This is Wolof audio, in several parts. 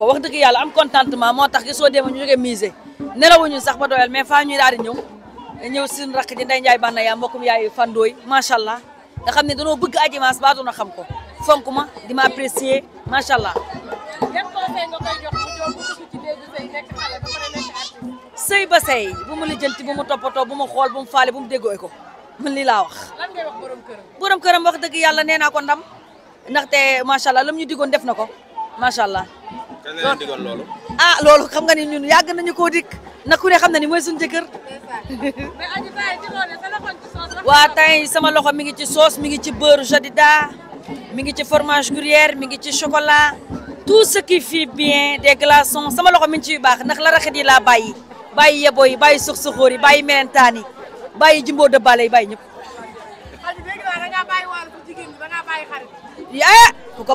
wax dëgg yàlla am contentement moo tax gisoo démb ñu jógee musée nelawuñu sax ba doyal mais fa ñuy daal di ñëw ñëw suñu rakk ji Ndeye Ndiaye Banna yaa mbokkum yaay fandooy macha allah nga xam ne danoo bëgg Adji Mass ba xam ko fonk ma di ma apprécier allah. yan conseil nga koy jox sëy ba sëy bu mu lijjanti bu mu toppatoo bu mu xool bu mu faale bu mu déggoo ko man lii laa wax. lan ngay wax këram. wax dëgg yàlla nee naa ko ndam ndaxte macha allah lam ñu digoon def na ko macha allah. ah loolu xam nga ni ñu yàgg nañu koo dikk na ku xam na ni mooy suñu jëkkër. waa tey sama loxo mi ngi ci soos mi ngi ci beurre jadida mi ngi ci fromage gruyère mi ngi ci chokola tout ce qui fait bien des glaçons sama loxo mi ngi ciy baax ndax la raxit yi laa bàyyi bàyyi yebo yi bàyyi suq yi bàyyi melentaan yi bàyyi jimbo dëbbaale yi bàyyi ñëpp. yaa eh, ku ko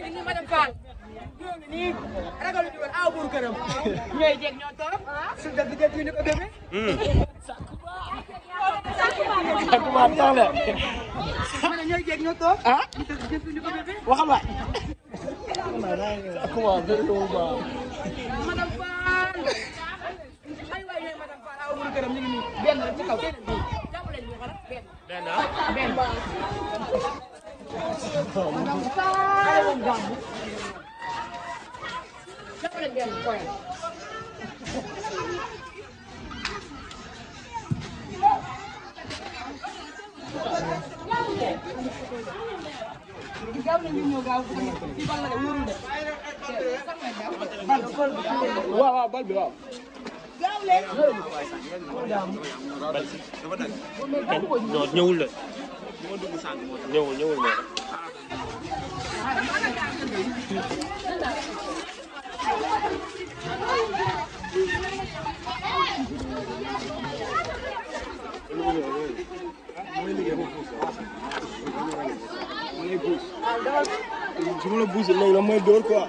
nii ragal ñu woon aw buur këram ñooy jeeg ñoo toog su def di jël ni ko bébé hmm. sakuma sakuma tax la ma ne ñooy jeeg ñoo toog ah su def di jël ni ko bébé waxal waay sakuma bëri ko ba madame Fall ay waay ñooy madame Fall aw buur këram ñu ngi nii benn la ci kaw keneen bi jàppale ñu xala benn benn ah benn madame Fall prendeu um coelho. gaaw nañu ñëw gaaw ci bal la de wóorul de waaw waaw bal bi waaw gaaw leen bal si non ñëwul la ñëwul ñëwul moo tax su ma la buusee léegi nag mooy dóor quoi.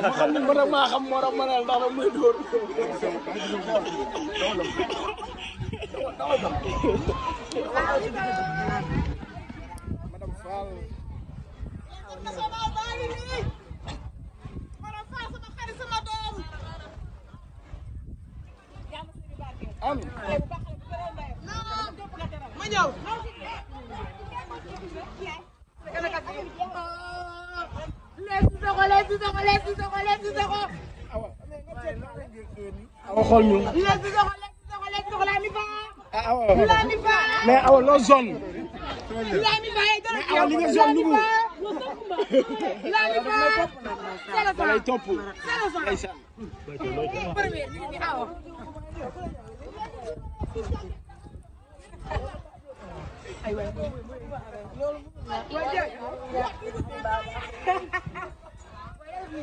ma xam ne man maa xam moo tax ma ne la mooy dóor. dama dama relève, douze laa mi ah, ah, laa mi laa mi laa mi yow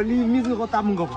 lii mis nga ko tàmm nga ko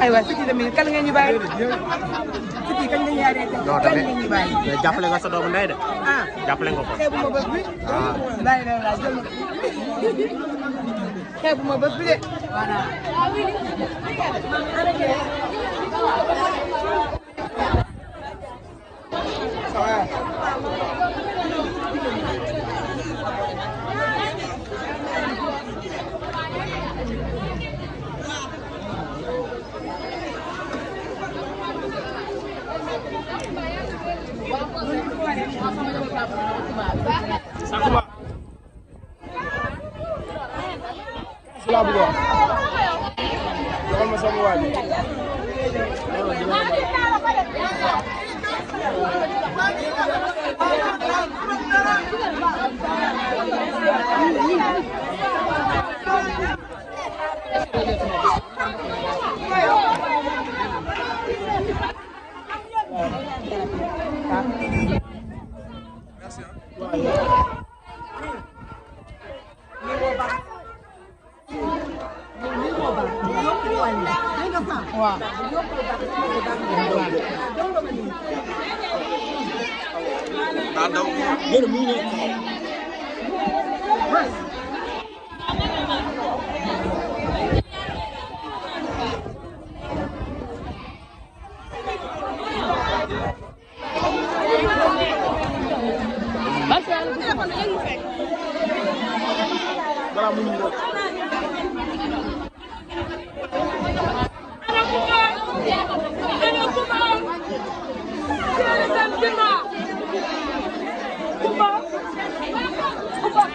aywa sëñ bi tamit kan nga ñu bàyyi. sëñ bi kañ nga ñu yaaree tey. non tamit mais jàppale nga sa doomu ndey de. ah jàppale nga ko. xeebu ma bés bi. ah bàyyi la la jël xeebu ma ba fii de voilà. Thank you. Nada um yéen mu ngi ñëw Come on!